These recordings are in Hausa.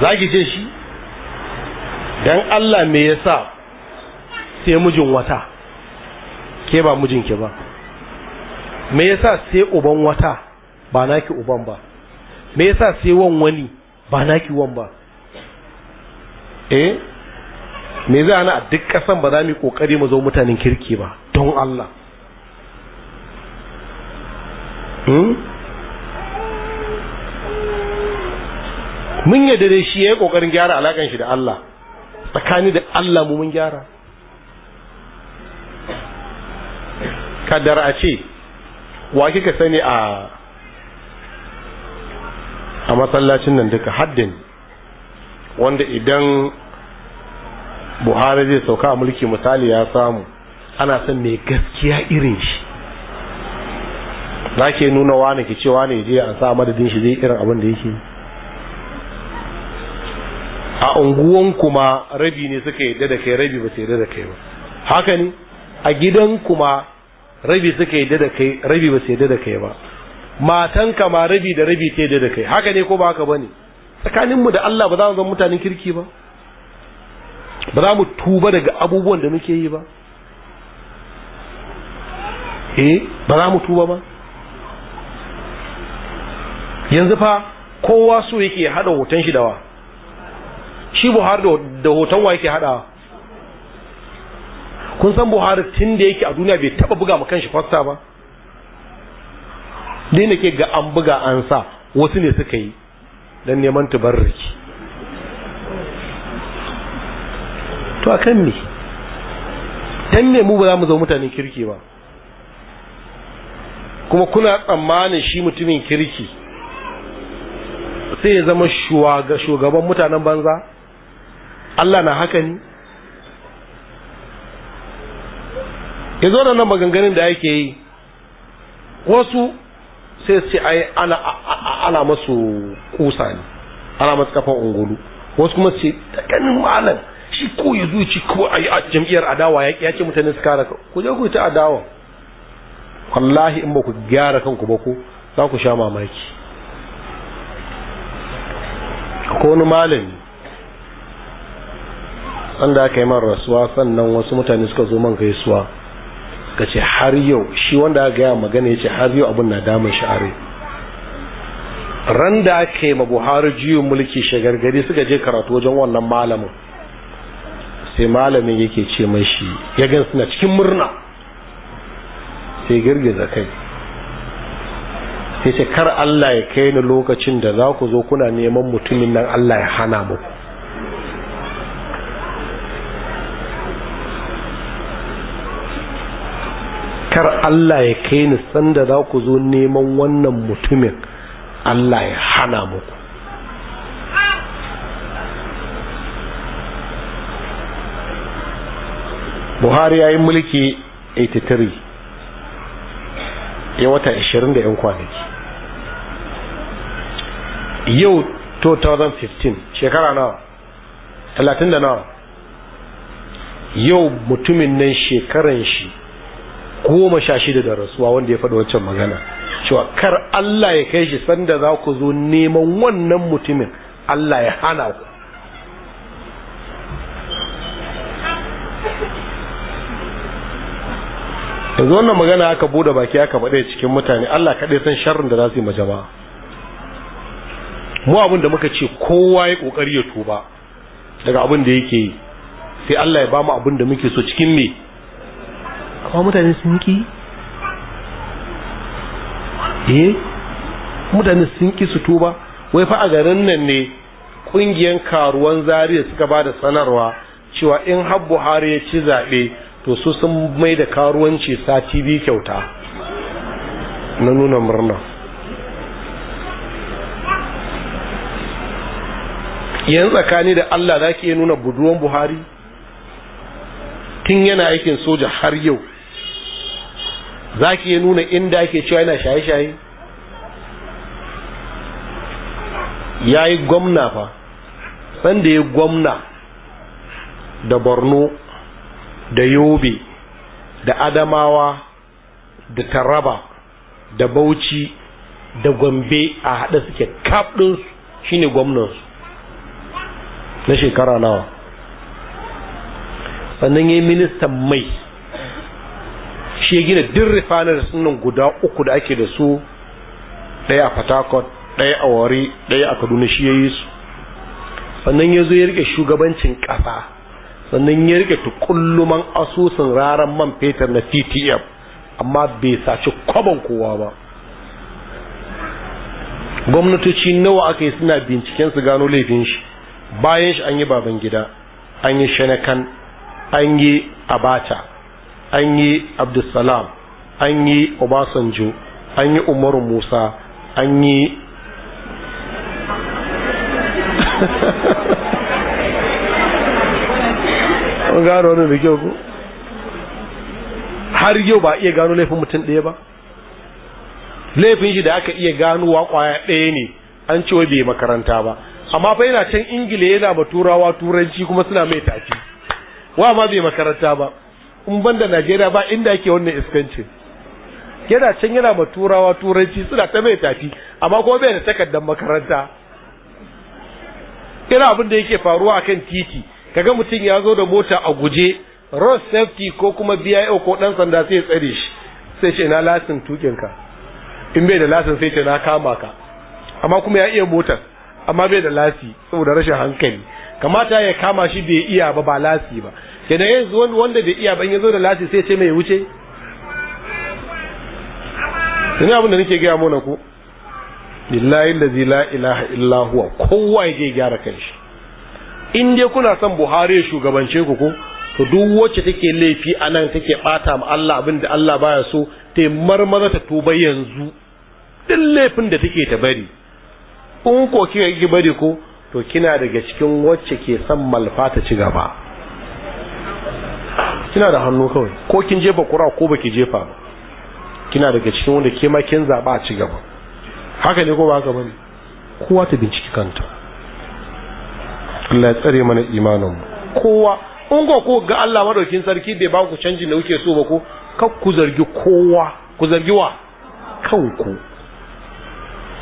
za ki ce shi don allah me yasa sai mijin wata ke ba mijinki ba me yasa sai uban wata ba naki uban ba me yasa sai wan wani ba naki wan ba eh me za ana a duk kasan ba za mu yi kokari mu zo mutanen kirki ba don Allah hmm? mun yadda da shi ya yi ƙoƙarin gyara alaƙan shi da Allah tsakani da Allah mu mun gyara kadar a ce wa kika sani a a masallacin nan duka haddin wanda idan buhari zai sauka a mulki misali ya samu ana son mai gaskiya irin shi na ke nuna wani ke cewa ne je an sa madadin shi zai irin abin da yake a unguwan kuma rabi ne suka yadda da kai rabi ba su yadda da kai ba haka ne a gidan kuma rabi suka yadda da kai rabi ba su yadda da kai ba matan ma rabi da rabi ta yadda da kai haka ne ko ba haka bane tsakanin mu da Allah ba za mu zama mutanen kirki ba ba za mu tuba daga abubuwan da muke yi ba eh ba za mu tuba ba yanzu fa kowa so yake hada hoton shi da wa shi buhari da hoton wa yake hada kun san buhari tun da yake a duniya bai taba buga ma kanshi fasta ba dai na ke ga an buga an sa wasu ne suka yi don neman tubarriki to a kan ne dan ne mu ba za mu zo mutanen kirki ba kuma kuna tsammanin shi mutumin kirki sai ya zama shugaban mutanen banza Allah na haka ne ya zo da nan maganganun da ake yi wasu sai su ai ana masu kusa ne ana masu kafan ungulu wasu kuma ce ta ganin malam shi ko ya zuci ko a jam'iyyar adawa ya ce mutane su kara ku je ku ta adawa wallahi in ba ku gyara kanku ba ku za ku sha mamaki ko wani malami sanda aka yi man rasuwa sannan wasu mutane suka zo man gaisuwa ka ce har yau shi wanda aka gaya magana ya ce har yau abin na damar sha'ari ran da aka yi ma buhari juyin mulki shagargari suka je karatu wajen wannan malamin sai malamin yake ce mai shi ya gan suna cikin murna sai girgiza kai sai ce kar Allah ya kai ni lokacin da za ku zo kuna neman mutumin nan Allah ya hana muku kar Allah ya kai ni sanda za ku zo neman wannan mutumin Allah ya hana muku Buhari ya yi mulki 83 ya wata 20 da 'yan kwanaki yau 2015 shekara nawa 30 da nawa yau mutumin nan shekaran shi goma sha shida da rasuwa wanda ya faɗi wancan magana cewa kar Allah ya kai shi sanda za ku zo neman wannan mutumin Allah ya hana ku yanzu wannan magana aka bude baki aka faɗe cikin mutane Allah kaɗai san sharrin da za su yi ma jama'a mu abin da muka ce kowa ya ƙoƙari ya tuba daga abin da yake yi sai Allah ya ba mu abin da muke so cikin me kawai mutane sun ki eh mutane sun ki su tuba wai fa a garin nan ne ƙungiyar karuwan zariya suka ba da sanarwa cewa in har buhari ya ci zaɓe to su sun mai da karuwanci sati biyu kyauta na nuna murna yan tsakani da allah za ki nuna buduwan buhari tun yana aikin soja har yau za ki iya nuna inda ake cewa yana shaye-shaye ya yi gwamna fa sanda ya gwamna da borno da yobe da adamawa da taraba da bauchi da gombe a haɗe suke kaɗin shine gwamnansu na shekara nawa sannan ya yi ministan mai shi ya gina duk refineries nan guda uku da ake da su ɗaya a Fatakot, ɗaya a Wari, ɗaya a Kaduna shi ya yi su. Sannan ya zo ya rike shugabancin ƙasa, sannan ya rike tukulluman asusun raran man fetur na TTF, amma bai saci kwaban kowa ba. Gwamnatoci nawa aka yi suna binciken su gano laifin shi, bayan shi an yi baban gida, an yi shanakan, an yi abata. an yi abdulsalam an yi obasanjo an yi umaru musa an yi an gano wani da kyau ko har yau ba iya gano laifin mutum ɗaya ba laifin shi da aka iya ganowa kwaya ɗaya ne an ce bai makaranta ba amma fa yana can ingila yana ba turawa turanci kuma suna mai tafi wa ma bai makaranta ba in da najeriya ba inda yake wannan iskancin yana can yana ma turawa turanci suna ta mai tafi amma kuma bai da takardar makaranta ina abin da yake faruwa akan titi kaga mutum ya zo da mota a guje road safety ko kuma bio ko ɗan sanda sai tsare shi sai ce na lasin tukin ka in bai da lasin sai ce na kama ka amma kuma ya iya mota amma bai da lasi saboda rashin hankali kamata ya kama shi bai iya ba ba lasi ba kina yanzu wanda bai iya ban zo da lati sai ce mai wuce Sani abin da nake gaya mana ku. lillahi allazi la ilaha illahuwa kowa ya yake gyara in dai kuna son buhari ya shugabance ku ko to duk wacce take laifi a nan take bata ma Allah abinda da Allah baya so ta marmara ta tuba yanzu duk laifin da take ta bari in ko kika yi bari ko to kina daga cikin wacce ke son malfa ta ci gaba kina da hannu kawai ko kin jefa kura ko baki jefa ba kina daga cikin wanda ke ma kin zaba a ci gaba haka ne ko ba haka bane kowa ta binciki kanta Allah ya tsare mana imanin mu. kowa in ko ko ga Allah madaukin sarki bai ba ku canji da kuke so ba ko kar ku zargi kowa ku zargi wa kanku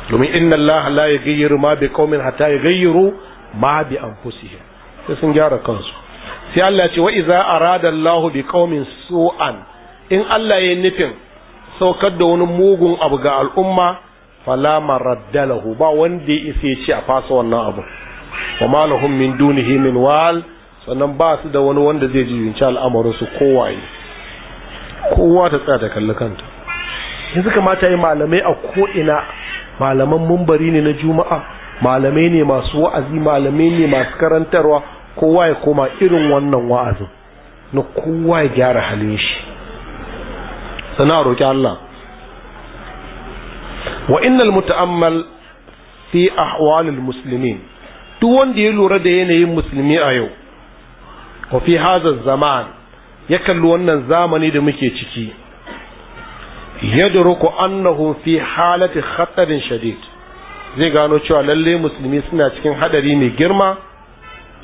domin inna Allah la yaghayyiru ma bi qaumin hatta yaghayyiru ma bi anfusihim sai sun gyara kansu sai Allah ce wa iza arada Allah bi qaumin su'an in Allah yayin nufin saukar da wani mugun abu ga al'umma fala maraddalahu ba wanda ya isa ya ci a fasa wannan abu wa ma lahum min dunihi min wal sannan ba su da wani wanda zai ci al'amarin su kowaye kowa ta tsaya kalli kanta yanzu kamata yi malamai a ko ina malaman mumbari ne na juma'a malamai ne masu wa'azi malamai ne masu karantarwa kowa ya koma irin wannan wa'azin na kowa ya gyara halin shi sana roƙi Allah wa innal muta'ammal fi ahwalil muslimin duk wanda ya lura da yanayin musulmi a yau wa fi hadha zaman ya kalli wannan zamani da muke ciki yadruku annahum fi halati khatarin shadid zai gano cewa lalle musulmi suna cikin hadari mai girma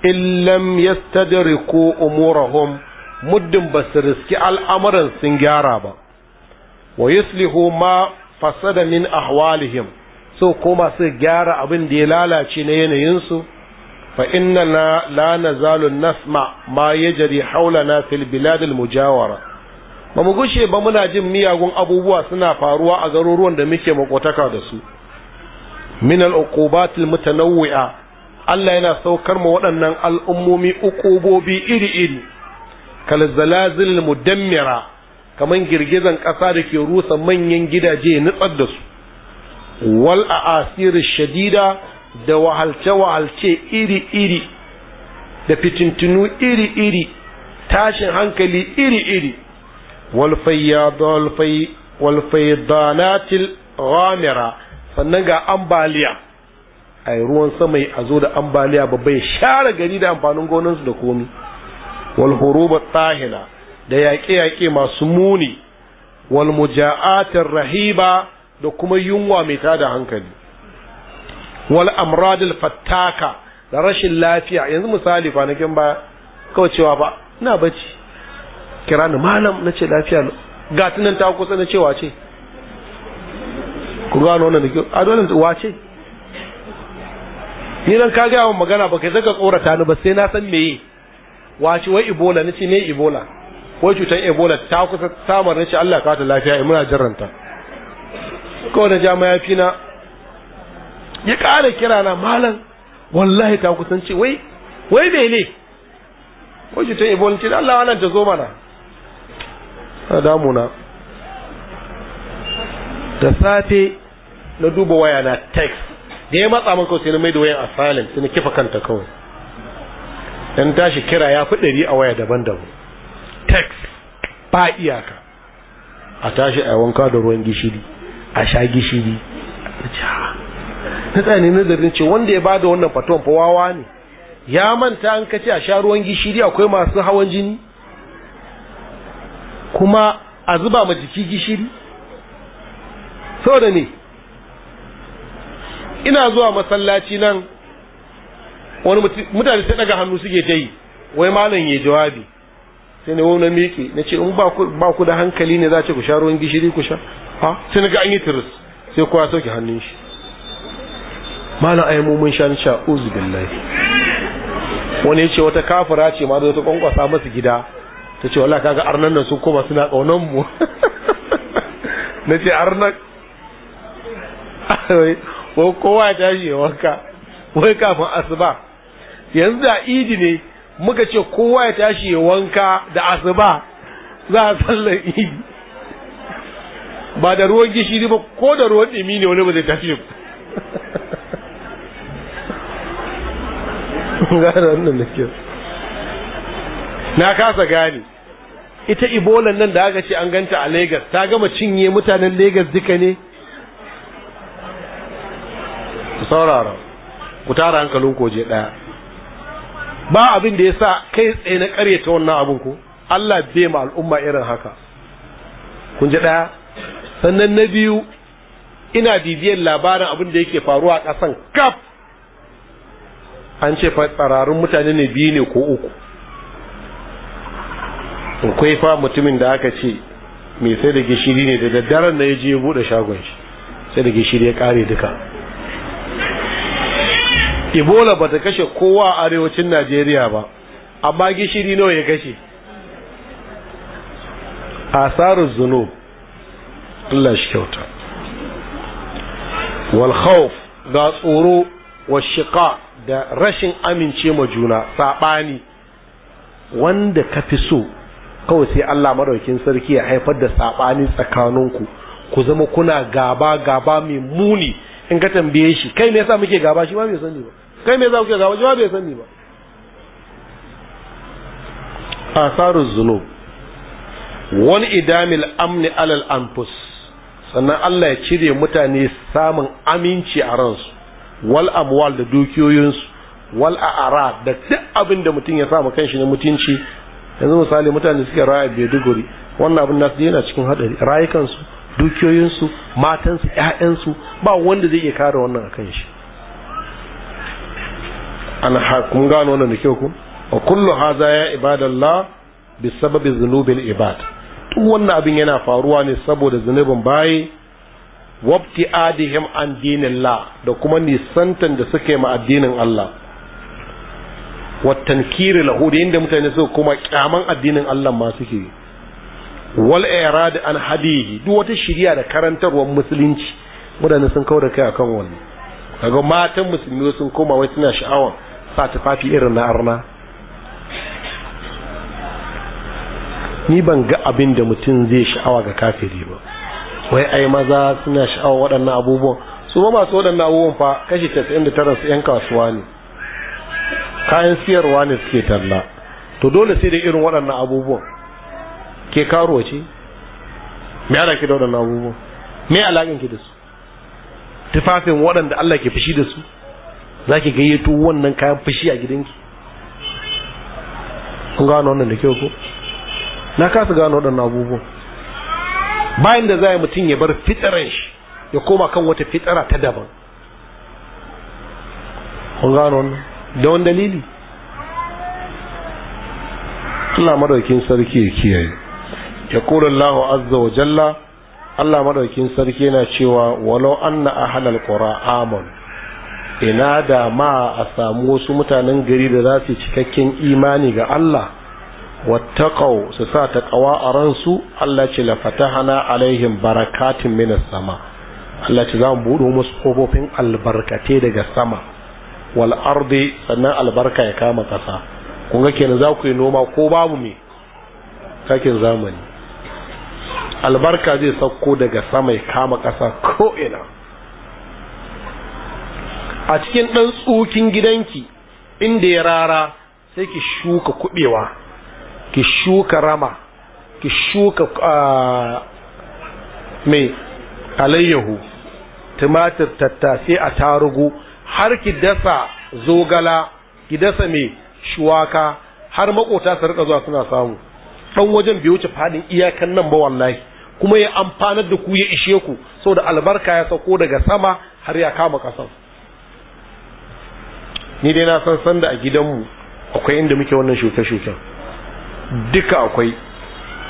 illam yastadriku umurahum muddin ba su riski al'amuran sun gyara ba wa yuslihu ma fasada min ahwalihim so kuma su gyara abin da ya lalace na yanayinsu fa inna la nazalu nasma ma yajri haulana fil bilad al mujawara ba mu gushe ba muna jin miyagun abubuwa suna faruwa a garuruwan da muke makotaka da su min al uqubat al mutanawwi'a Allah yana saukar mu waɗannan al'ummomi ukubobi iri-iri kal zalazil mudammira kamar girgizan ƙasa da ke rusa manyan gidaje nutsar da su wal a asiri shadida da wahalce wahalce iri-iri da fitintinu iri-iri tashin hankali iri-iri wal fayyadanatil ghamira sannan ga ambaliya a ruwan sama a zo da ambaliya babba ya share gari da amfanin gonansu da komi wal huruba tahila da yaƙe-yaƙe masu muni wal muja'atir rahiba da kuma yunwa mai tada hankali wal amradil fattaka da rashin lafiya yanzu misali kwanakin ba kawai cewa ba ina bacci kira ni malam na ce lafiya ga tunan ta kusa na cewa ce ku gano wannan da kyau a dole wace ni nan ka gaya wa magana kai zaka tsorata ni ba sai na san meye wace wai ibola ce me ibola wai cutar ibola ta kusa samar ce Allah ka ta lafiya eh, muna jarranta ko na ja mayafi na ya kara kira na malam wallahi ta kusan ce wai wai me ne? wai cutar ibola ce Allah wannan ta zo mana damu na. da safe na duba waya na text da ya matsa min kawai sai na mai da wayan a silent sai na kifa kanta kawai dan tashi kira ya fi ɗari a waya daban-daban text ba iyaka a tashi a wanka da ruwan gishiri a sha gishiri na tsani nazarin ce wanda ya ba da wannan fatuwan fa wawa ne ya manta an kace a sha ruwan gishiri akwai masu hawan jini kuma a zuba ma jiki gishiri saboda ne ina zuwa masallaci nan wani mutane sai daga hannu suke ta yi wai malam ya jawabi sai na wani miƙe na ce in ba ku da hankali ne za ce ku sha ruwan gishiri ku sha ha sai na ga an yi tiris sai kowa sauke hannun shi malam ayi mun sha ni sha uzu billahi wani ya ce wata kafira ce ma da ta kwankwasa masu gida ta ce wala kaga arnan nan sun koma suna kaunan mu na ce arnan ko kowa ya tashi ya wanka wai kafin asuba yanzu da idi ne muka ce kowa ya tashi ya wanka da asuba za a sallar idi ba da ruwan gishiri ba ko da ruwan ɗimi ne wani ba zai tashi na kasa gane ita ibolan nan da aka ce an ganta a Legas ta gama cinye mutanen Legas duka ne ku saurara ku tara hankalin koje ɗaya ba abin da ya sa kai tsaye na ƙaryata wannan abin ku Allah bai ma al'umma irin haka kun ji ɗaya sannan na biyu ina bibiyar labarin abin da yake faruwa a ƙasan kaf an ce tsararun mutane ne biyu ne ko uku akwai fa mutumin da aka ce mai sai da gishiri ne da daddaren na ya je ya buɗe shagon shi sai da gishiri ya kare duka ebola bata kashe kowa a arewacin najeriya ba amma gishiri nawa ya kashe asarar zunub Allah shi kyauta wal khawf ga tsoro wa shiqa da rashin amince ma juna saɓani. wanda ka fi so kawai sai Allah madaukin sarki ya haifar da sabani tsakaninku ku zama kuna gaba gaba mai muni in ka tambaye shi kai me yasa muke gaba shi ba bai sani ba kai me za ku ga wajen bai sani ba asarun zunub wani idamil amni alal anfus sannan Allah ya cire mutane samun aminci a ransu wal amwal da dukiyoyinsu wal a'ara da duk abin da mutum ya samu kanshi na mutunci yanzu misali mutane suke raya Maiduguri wannan abin nasu yana cikin hadari rayukansu dukiyoyinsu matansu ƴaƴansu ba wanda zai iya kare wannan a kanshi an kun gano wannan da kyau ku wa kullu hadha ya ibadallah bi sababi zunubil ibad duk wannan abin yana faruwa ne saboda zunubin bayi wabti adihim an dinillah da kuma nisantan da suke ma addinin Allah wa tankiri lahu da inda mutane suka kuma kyaman addinin Allah ma suke wal irad an hadihi duk wata shiriya da karantarwar musulunci mutane sun kawo da kai akan wannan kaga matan musulmi sun koma wai suna sha'awa sa tufafi irin na arna ni ban ga abin da mutum zai sha'awa ga kafiri ba wai ai maza suna sha'awa waɗannan abubuwan su ba masu waɗannan abubuwan fa kashi 99 su 'yan kasuwa ne kayan siyarwa ne suke talla to dole sai da irin waɗannan abubuwan ke karo ce me ala ke da waɗannan abubuwan me alaƙin ki da su tufafin waɗanda Allah ke fushi da su za ki gayyato wannan kayan fushi a gidanki kun gano wannan da kyau ko na kasa gano waɗannan abubuwan bayan da za a mutum ya bar fitaran shi ya koma kan wata fitara ta daban kun gano wannan da wani dalili Allah madaukin sarki ya kiyaye ya kula Allah azza wa jalla Allah madaukin sarki yana cewa walau anna ahlal qura amanu ina da ma a samu wasu mutanen gari da za su cikakken imani ga Allah wattaqau su sa ta kawa a ransu Allah ce la fatahana alaihim barakatin minas sama Allah ce za mu buɗo musu kofofin albarkate daga sama wal ardi sannan albarka ya kama kasa kun ga kenan za ku yi noma ko babu me kakin zamani albarka zai sauko daga sama ya kama ƙasa ko ina a cikin ɗan tsukin gidanki inda ya rara sai ki shuka kuɓewa ki shuka rama ki shuka ah, mai alayyahu tumatir tattasai a tarugu har ki dasa zogala ki dasa mai shuwaka har makota su rika zuwa suna samu ɗan wajen bai wuce faɗin iyakan nan ba wallahi kuma ya amfanar da ku ya ishe ku saboda albarka ya sauko daga sama har ya kama ƙasar ni dai na san sanda a gidanmu akwai inda muke wannan shuke-shuken duka akwai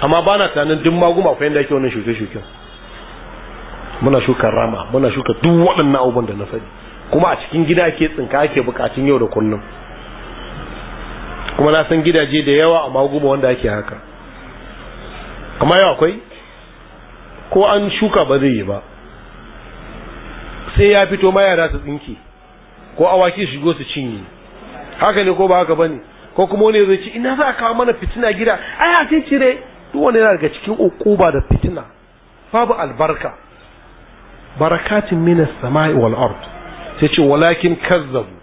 amma ba na tunanin duk maguma akwai inda ake wannan shuke-shuken muna shuka rama muna shuka duk waɗannan abubuwan da na faɗi kuma a cikin gida ke tsinka ake bukatun yau da kullum kuma na san gidaje da yawa a maguma wanda ake haka amma yau akwai ko an shuka ba zai yi ba sai ya fito ma yara su tsinke ko awaki shigo su cinye haka ne ko ba haka bane ko kuma wani zai ci ina za a kawo mana fitina gida ai a cire duk wani yana daga cikin ukuba da fitina babu albarka barakatun minas sama'i wal ard sai ce walakin kazzabu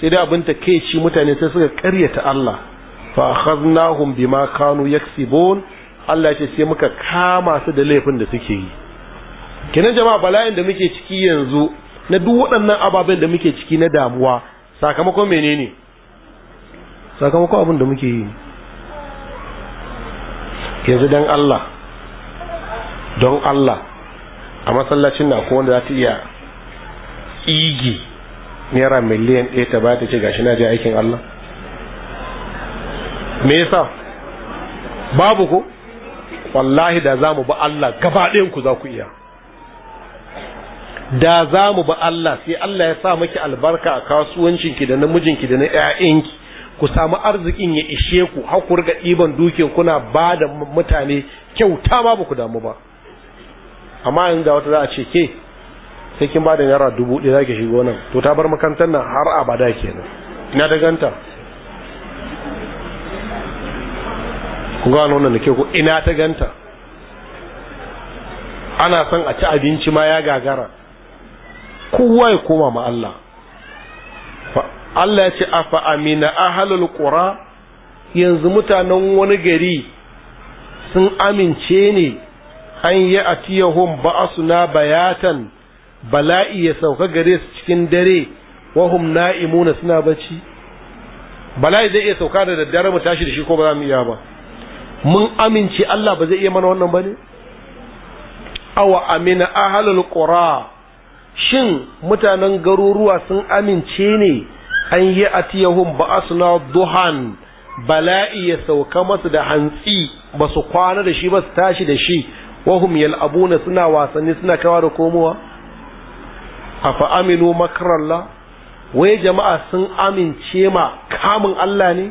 sai da abin ta kai ci mutane sai suka karyata Allah fa akhadnahum bima kanu yaksibun Allah ce sai muka kama su da laifin da suke yi kenan jama'a bala'in da muke ciki yanzu na duk waɗannan ababen da muke ciki na damuwa sakamakon menene sakamakon abin da muke yi yanzu don Allah don Allah a masallacin na ko wanda za ta iya igi naira miliyan ɗaya ta ba ta ce gashi na ji aikin Allah me yasa babu ko wallahi da zamu mu ba Allah gaba ɗayan ku za ku iya da za mu ba Allah sai Allah ya sa maki albarka a kasuwancinki da namijinki da na ki ku samu arzikin ya ishe ku har ku riga ɗiban duke kuna ba da mutane kyauta ma ba ku damu ba amma in ga wata za a ce ke sai kin ba da naira dubu ɗaya za ki shigo nan to ta bar makantan nan har abada kenan ina da ganta ku gano wannan da ke ku ina ta ganta ana son a ci abinci ma ya gagara kowa ya koma ma Allah Allah ya ce afa amina ahalul qura yanzu mutanen wani gari sun amince ne an yi atiyahum ba'asuna bayatan bala'i ya sauka gare su cikin dare wahum na'imuna suna bacci bala'i zai iya sauka da daddare mu tashi da shi ko ba za mu iya ba mun amince Allah ba zai iya mana wannan ba ne awa amina ahalul qura shin mutanen garuruwa sun amince ne an yi atiyahum asuna duhan bala'i ya sauka masu da hantsi ba su kwana da shi ba su tashi da shi wahum yal'abuna suna wasanni suna kawa da komowa A aminu makarallah wai jama'a sun amince ma kamun Allah ne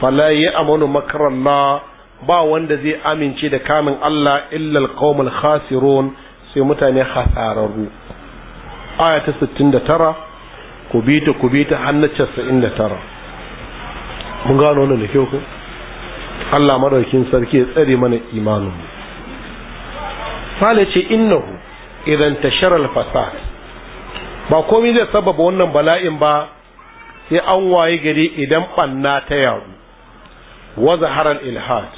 fala a amanu makarallah ba wanda zai amince da kamun Allah illal alqaumul khasirun sai mutane hasararru aya ta 69 ku bi ta ku bi ta har na 99 mun gano wannan da kyau ko Allah madaukin sarki ya tsare mana imanin mu fale ce innahu idan tashara al-fasad ba komai zai sababa wannan bala'in ba sai an waye gari idan banna ta yaro wa zaharar ilhad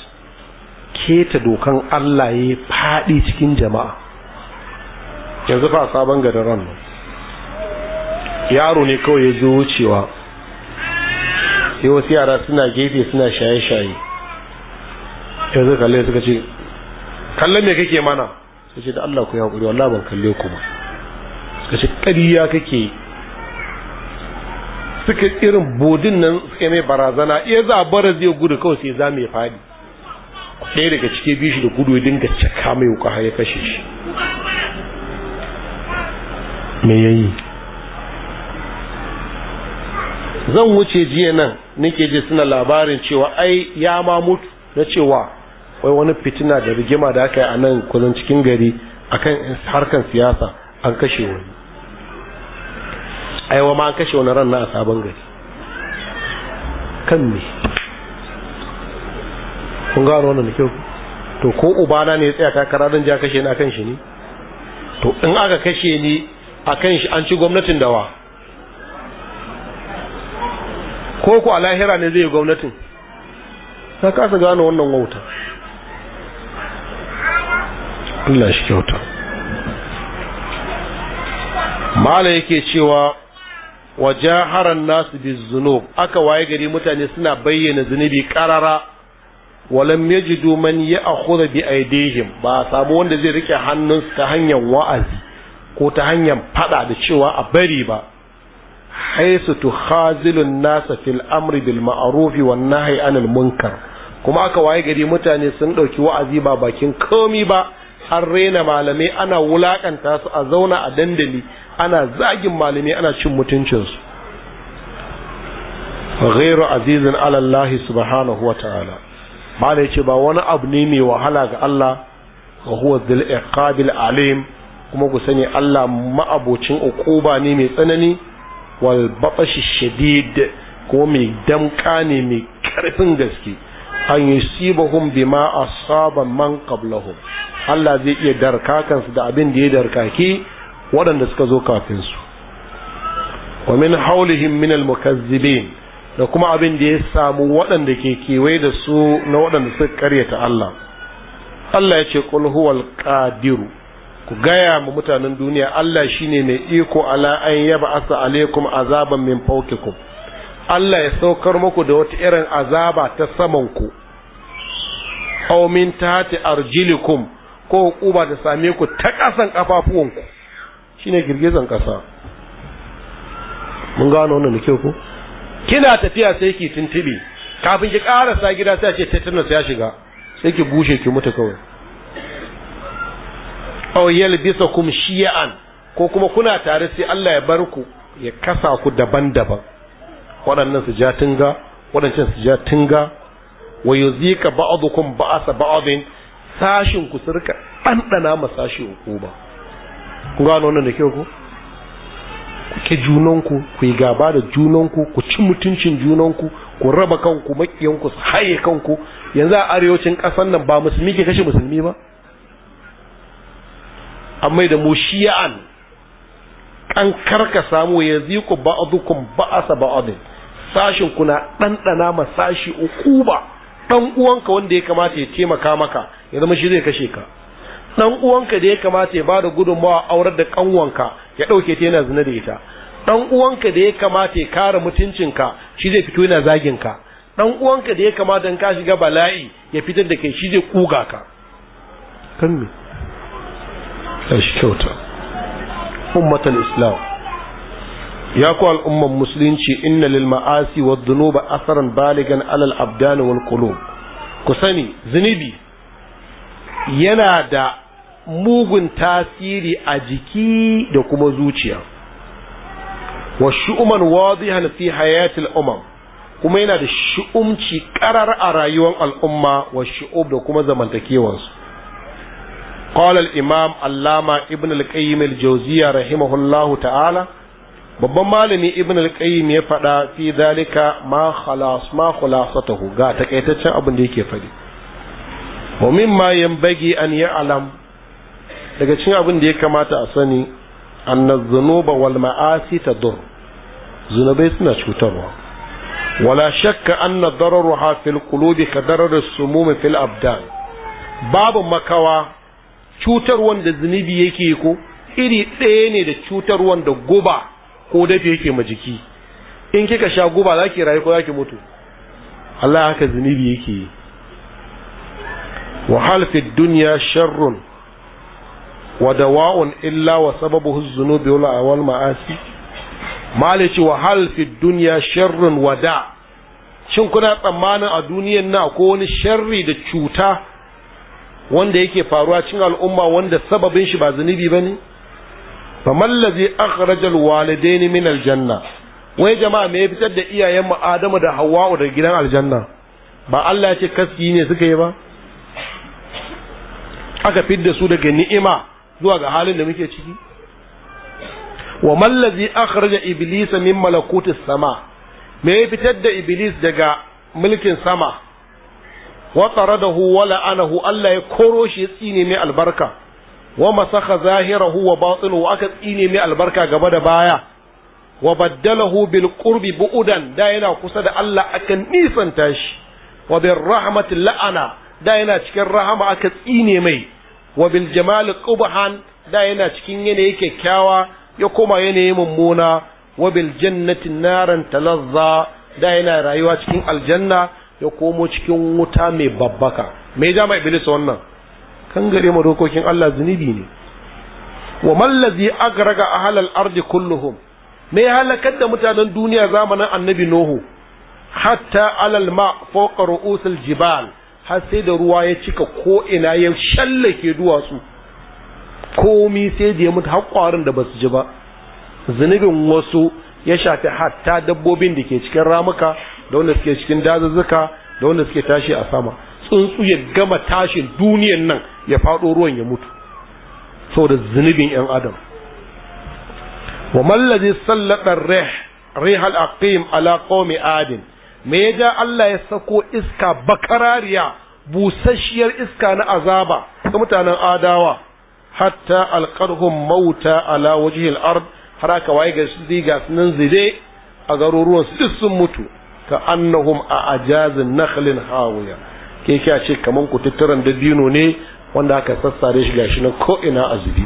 keta dokan Allah ya fadi cikin jama'a yanzu fa sabon gadaran nan yaro ne kawai ya zo wucewa sai wasu yara suna gefe suna shaye-shaye ya zai kalle suka ce kalle me kake mana sai ce da Allah ku ya haƙuri wallah ban kalle ku ba suka ce ƙariya kake suka irin bodin nan suka mai barazana iya eh, za a bara zai gudu kawai sai za mai faɗi ɗaya daga cike biyu shi da gudu ya dinga caka mai wuka ya kashe shi me yayi zan wuce jiya nan nake ji suna labarin cewa ai ya ma mutu na cewa wai wani fitina da rigima da aka yi a nan kusan cikin gari akan harkan siyasa an kashe wani aiwa ma an kashe wani ran na a sabon gari kan me kun gano wannan da kyau to ko ubana ne ya tsaya takara don ja kashe ni akan shi ne to in aka kashe ni akan shi an ci gwamnatin dawa ko ko a lahira ne zai gwamnatin na kasa gane wannan wauta Allah shi kyauta mala yake cewa wajaharan nasu bi zunub aka waye gari mutane suna bayyana zunubi karara walam yajidu man ya'khudha bi aydihim ba sabo wanda zai rike hannunsa ta hanyar wa'azi ko ta hanyar fada da cewa a bari ba haisu tukhazilun nasa fil amri bil ma'arufi wan nahyi anil munkar kuma aka waye gari mutane sun dauki wa'azi ba bakin komi ba an rena malamai ana wulakanta su a zauna a dandali ana zagin malamai ana cin mutuncin mutuncinsu ghairu azizin ala Allah subhanahu wa ta'ala mala yace ba wani abu ne mai wahala ga Allah wa huwa dhul iqabil alim kuma ku sani Allah ma'abocin uquba ne mai tsanani wal batashi shadid ko mai damka ne mai karfin gaske an yusibahum bima asaba man qablahum Allah zai iya darkakan kansu da abin da ya darkaki waɗanda suka zo kafin su wa min hawlihim min al mukazzibin da kuma abin da ya samu waɗanda ke kewaye da su na waɗanda suka karyata Allah Allah ya ce qul huwal qadiru ku gaya mu mutanen duniya Allah shine mai iko ala an yaba asa alaikum azaban min fawqikum Allah ya saukar muku da wata irin azaba ta saman ku aw min tahti arjilikum ko kuba ta same ku ta kasan ku shine girgizan kasa mun gano wannan nake ku kina tafiya sai ki tintibi kafin ki karasa gida sai ce tetanus ya shiga sai ki bushe ki mutu kawai aw yalbisakum shi'an ko kuma kuna tare sai Allah ya bar ku ya kasa ku daban-daban waɗannan su ja tunga waɗancan su ja tunga wa yuzika ba'dukum ba'asa ba'din sashin ku su rika ɗanɗana ma sashi ba ku gano wannan da kyau ko ku ke junanku ku yi gaba da junanku ku ci mutuncin junanku ku raba kanku makiyanku su haye kanku yanzu a arewacin ƙasar nan ba musulmi ke kashe musulmi ba an mai da mu shi'an an karka samu ya zi ziku ba'adukum ba'asa ba'adin sashin kuna ɗanɗana ma sashi uku ba ɗan uwanka wanda ya kamata ya taimaka maka ya zama shi zai kashe ka ɗan uwanka da ya kamata ya ba da gudunmawa aurar da ƙanwanka ya ɗauke ta yana zina da ita ɗan uwanka da ya kamata ya kare mutuncinka shi zai fito yana zagin ka ɗan uwanka da ya kamata in shiga bala'i ya fitar da kai shi zai kuga ka kan me da shi kyauta ummatul islam ya ku al'umman musulunci inna lil ma'asi wa dhunuba asaran baligan alal abdan wal qulub ku sani zunubi yana da mugun tasiri a jiki da kuma zuciya wa shu'uman wadihan fi hayatil umam kuma yana da shu'umci karar a rayuwar al'umma wa shu'ub da kuma zamantakewansu قال الإمام علامة ابن القيم الجوزية رحمه الله تعالى بابا مالمي ابن القيم يفعل في ذلك ما خلاص ما خلاصته قاتك اتتشا ابن ديك يفعلي ومما ينبغي أن يعلم لكن ابن ديك ما تأسني أن الذنوب والمعاصي تضر ذنوبي سنة ولا شك أن ضررها في القلوب كضرر السموم في الأبدان باب مكاوى cutarwan da zunubi yake ko iri ɗaya ne da cutarwan da guba ko dafi yake ma jiki in kika sha guba za ki rayu ko za ki mutu Allah haka zunubi yake yi wa halfid duniya sharrun wa dawa'un illa wa sababuhu zunubi wal awal ma'asi malici wa halfid duniya sharrun wada cin kuna tsammanin a duniyan na ko wani sharri da cuta wanda yake faruwa cikin al'umma wanda sababin shi ba zunubi bane faman ladhi akhrajal walidaini min aljanna wai jama'a me ya fitar da iyayen mu Adamu da Hawwa'u daga gidan aljanna ba Allah ya ce kaski ne suka yi ba aka fidda su daga ni'ima zuwa ga halin da muke ciki wa mallazi ladhi akhraja iblisa min malakutis sama me ya fitar da iblis daga mulkin sama wa taradahu wa la'anahu Allah ya koro shi ya tsine mai albarka wa masakha zahirahu wa batinuhu aka tsine mai albarka gaba da baya wa baddalahu bil qurbi bu'udan da yana kusa da Allah aka nisanta shi wa bil rahmati la'ana da yana cikin rahama aka tsine mai wa bil jamali qubhan da yana cikin yanayi kyakkyawa ya koma yanayi mummuna wa bil jannati naran talazza da yana rayuwa cikin aljanna ya komo cikin wuta mai babbaka mai jama iblis wannan kan gare mu dokokin Allah zunubi ne wa mallazi agraga al ardi kulluhum me halakar da mutanen duniya zamanin annabi nuhu hatta alal ma fawqa al jibal har sai da ruwa ya cika ko ina ya shallake duwatsu komi sai da ya mutu har kwarin da basu ji ba zunubin wasu ya shafi hatta dabbobin da ke cikin ramuka da wanda suke cikin dazuzzuka da wanda suke tashi a sama tsuntsu ya gama tashin duniyan nan ya faɗo ruwan ya mutu saboda zunubin yan adam wa mallazi sallata rih rihal aqim ala qaumi adin me ya ja Allah ya sako iska bakarariya busasshiyar iska na azaba ga mutanen adawa hatta alqarhum mauta ala wajhil ard har aka waye ga su diga nan zide a garuruwan su sun mutu ka annahum a ajazin nakhlin hawiya ke a ce kaman ku tattaran dabino ne wanda aka sassare shi gashi na ko ina a zubi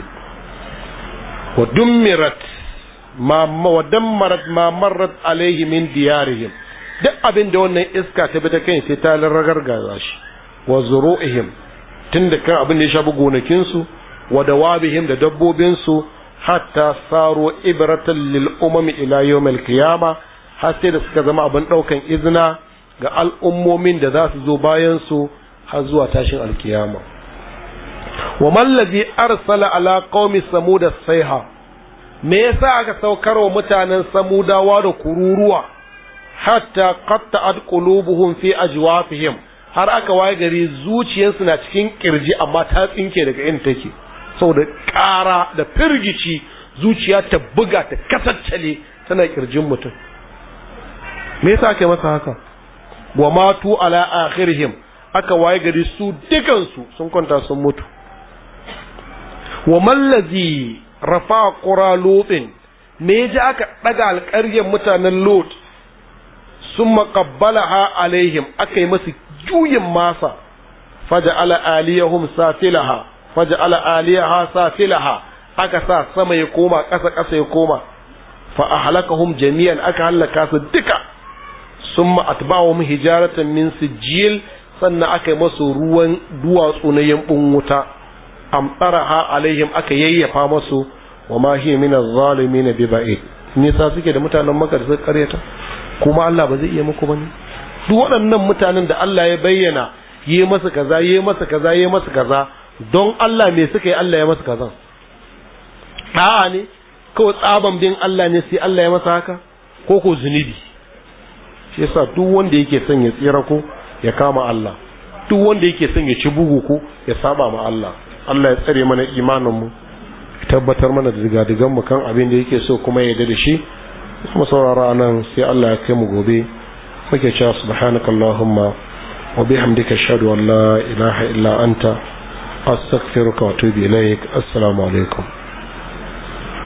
wa dummirat ma wa dammarat ma marrat alaihi min diyarihim duk abin da wannan iska ta bi ta kai sai ta ragargaza shi wa zuru'ihim tun kan abin da ya shafi su. wa dawabihim da dabbobin su. hatta saro ibratan lil umam ila yawmil qiyamah har sai da suka zama abin ɗaukan izina ga al'ummomin da za su zo bayan su har zuwa tashin alkiyama wa mallazi arsala ala qaumi samuda saiha me yasa aka saukar wa mutanen samudawa da kururuwa hatta qatta'at qulubuhum fi ajwafihim har aka waye gari zuciyarsu na cikin kirji amma ta tsinke daga in take saboda ƙara da firgici zuciya ta buga ta kasaccale tana kirjin mutum me yasa aka masa haka wa matu ala akhirihim aka waye gari su dukansu sun kwanta sun mutu wa mallazi rafa qura lutin me ji aka daga alƙaryar mutanen lot sun ha alaihim aka yi masu juyin masa faja ala aliyahum safilaha faja ala aliyaha safilaha aka sa sama ya koma ƙasa ƙasa ya koma fa ahlakahum jami'an aka halaka su duka summa atba'uhum hijaratan min sijil sannan aka yi masu ruwan duwatsu na yambun wuta amtaraha alaihim aka yayyafa masu wa ma hiya min adh-dhalimin bi ba'id nisa suke da mutanen maka da suka karyata kuma Allah ba zai iya muku bane duk waɗannan mutanen da Allah ya bayyana yi masa kaza yi masa kaza yi masa kaza don Allah me suka yi Allah ya masa kaza Aa ne kawai tsaban bin Allah ne sai Allah ya masa haka ko ko zunubi shi yasa duk wanda yake son ya tsira ko ya kama Allah duk wanda yake son ya ci bugu ko ya saba ma Allah Allah ya tsare mana imanin mu tabbatar mana da digadigan mu kan abin da yake so kuma ya da shi kuma saurara nan sai Allah ya kai mu gobe muke cewa subhanakallahumma wa bihamdika ashhadu an la ilaha illa anta astaghfiruka wa atubu ilaik assalamu alaikum